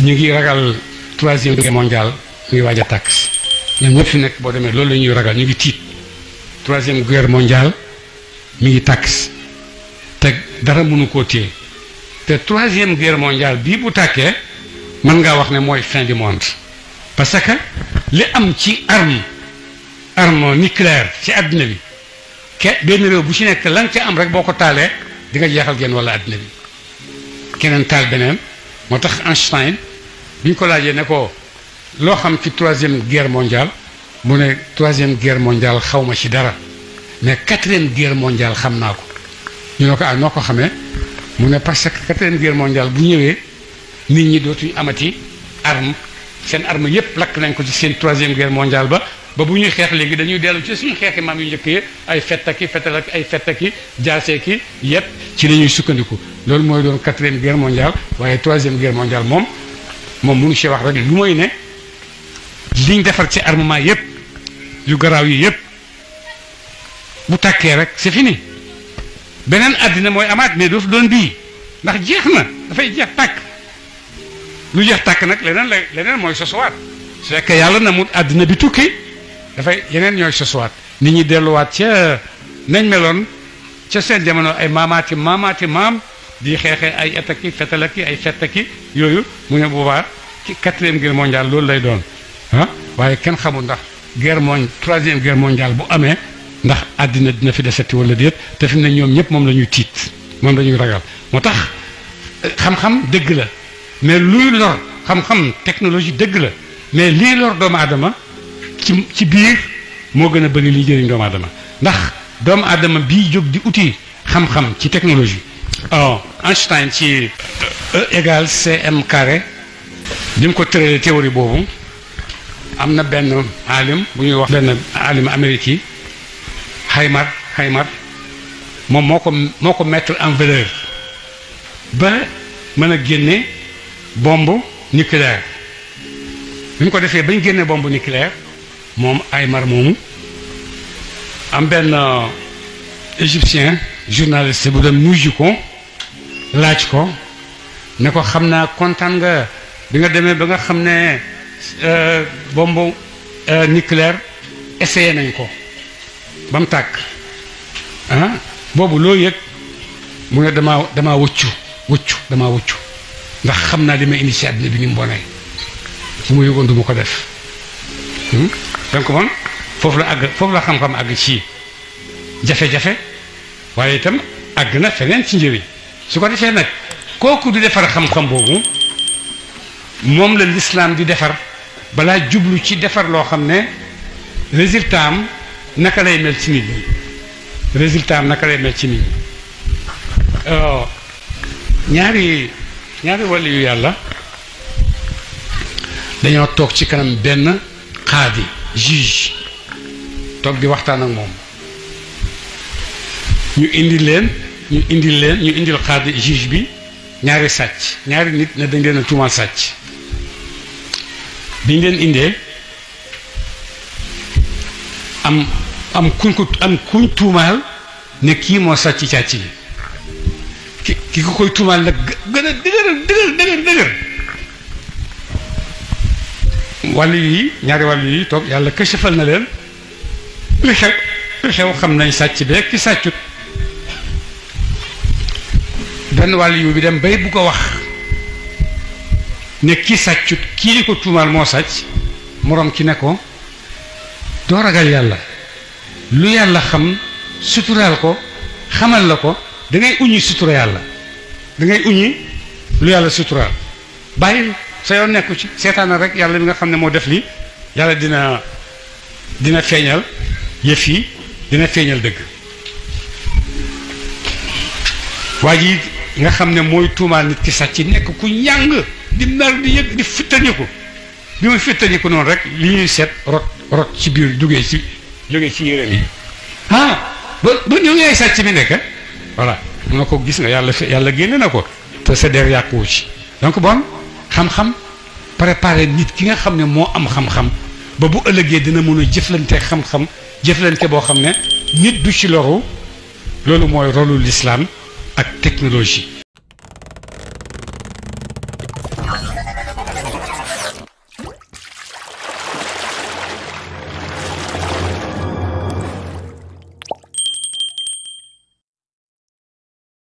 ñu ngi ragal troisième guerre mondiale ñu ngi waaj a tàkk si ñoom ñëpp fi nekk boo demee loolu la ñuy ragal ñu ngi tiit troisième guerre mondiale mi ngi tàkk si te dara mënu koo téye te troisième guerre mondiale bii bu tàkkee mën ngaa wax ne mooy fin du monde parce que li am ci arme arme nucléaire ci àddina bi ke benn réew bu ci nekk lan ca am rek boo ko taalee di nga jeexal genn wala àddina bi keneen taal beneen moo tax Einstein bi ñu ko laajee ne ko loo xam ci troisième guerre mondiale mu ne troisième guerre mondiale xaw ma ci dara mais quatrième guerre mondiale xam naa ko ñu ne ko ah noo ko xamee mu ne parce que quatrième guerre mondiale bu ñëwee nit ñi dootuñu amati arme seen arm yépp lakk nañ ko ci seen troisième guerre mondiale ba ba bu ñuy xeex léegi dañuy dellu ci suñu xeexi maam yu njëkk yi ay fettaki fetal ak ay fettaki jaaseeki yëpp ci la ñuy sukkandiku loolu mooy doon quatrième guerre mondiale waaye troisième guerre mondiale moom moom mënu ci wax rek lu moy ne liñ defar ci armement yépp yu garaaw yi yépp bu tàkkee rek c'est fini beneen àddina mooy amaat mais doof doon bii ndax jeex na dafay jeex tàkk lu jeex tàkk nag leneen la leneen mooy sosuwaat su fekkee yàlla na mu àddina bi tukki dafay yeneen ñooy sosuwaat nit ñi delluwaat ca nañ meloon ca seen jamono ay maamaati maamaati maam di xeexee ay etaki fetalaki ay fettaki yooyu mu ne boobaa quatrième guerre mondiale loolu lay doon ah waaye kenn xamul ndax guerre mondiale troisième guerre mondiale bu amee ndax àddina dina fi desati wala déet te fi mu ne ñoom ñëpp moom la ñuy tiit moom la ñuy ragal moo tax xam-xam dëgg la mais luy lor xam-xam technologie dëgg la mais lii lor doomu aadama ci ci biir moo gën a bëri li jëriñ doomu adama ndax doomu adama bii jóg di uti xam-xam ci technologie oh Einstein ci E, e égale cm carré bi mu ko tëralee théorie boobu am na benn alim bu ñuy wax benn alim amérique yi Haymar Haymar moom moo ko moo ko mettre en valeur ba mën a génne bombe nucléaire bi ko defee bañ génne bombe nucléaire mom Aymar moomu am benn euh, égyptien journaliste bu dem mujj ko laaj ko ne ko xam naa nga bi nga demee ba nga xam ne euh, bombe euh, nucléaire essayé nañ ko bam tak hein ah, bobu lo yek yëg mu ne damaa damaa wëccu wëccu damaa wëccu ndax xam li ma indi bi ni mu bonee bu ma yëgoon du ko def hmm? donc moom foofu la àgg foofu la xam-xam àgg ci jafe-jafe waaye itam àgg na feneen ci njëriñ su ko defee nag kooku di defar xam-xam boobu moom la lislaam di defar balaa jublu ci defar loo xam ne résultat am naka lay mel ci nit ñi résultat naka lay mel ci nit oh, ñaari ñaari wàllu yàlla dañoo toog ci kanam benn xaadi juge toog di waxtaan ak moom ñu indi leen ñu indi leen ñu indil xaadi juge bi ñaari sàcc ñaari nit ne dañ leen a tuumaal sàcc biñ leen indee am am kuñ ko am kuñ tuumaal ne kii moo sàcc càcc bi ki ki ko koy tuumaal nag gën a dëgër dëgër dëgër wàllu yi ñaari wàllu yi toog yàlla kësëfal na leen li xew li xew xam nañ sàcc beeg ci sàccut benn wàllu yu bi dem bay bu ko wax ne ki sàccut kii ko tuumaal moo sàcc moroom ki ne ko doo ragal yàlla lu yàlla xam suturaal ko xamal la ko dangay ngay uñi sutura yàlla da ngay lu yàlla suturaal bàyyi sa yoon nekku ci seetaanal rek yàlla bi nga xam ne moo def lii yàlla dina dina feeñal yëf yi dina feeñal dëgg waa ji nga xam ne mooy tuumaal nit ki sàcc nekk ku ñàng di mer di yëg di fittaniku bi muy fittaniku noonu rek li ñuy seet rot rot ci biir jógee ci jógee ci yére yi ah, ba ba ñëw yaay sàcc bi nekk voilà mun na ko gis nga yàlla yàlla génne na ko te sa der yàquwu ci donc bon xam-xam préparer nit ki nga xam ne moo am xam-xam ba bu ëllëgee dina mënu a jëflanteeg xam-xam jëflante boo xam ne nit du ci loru loolu mooy rolu l'islam ak technologie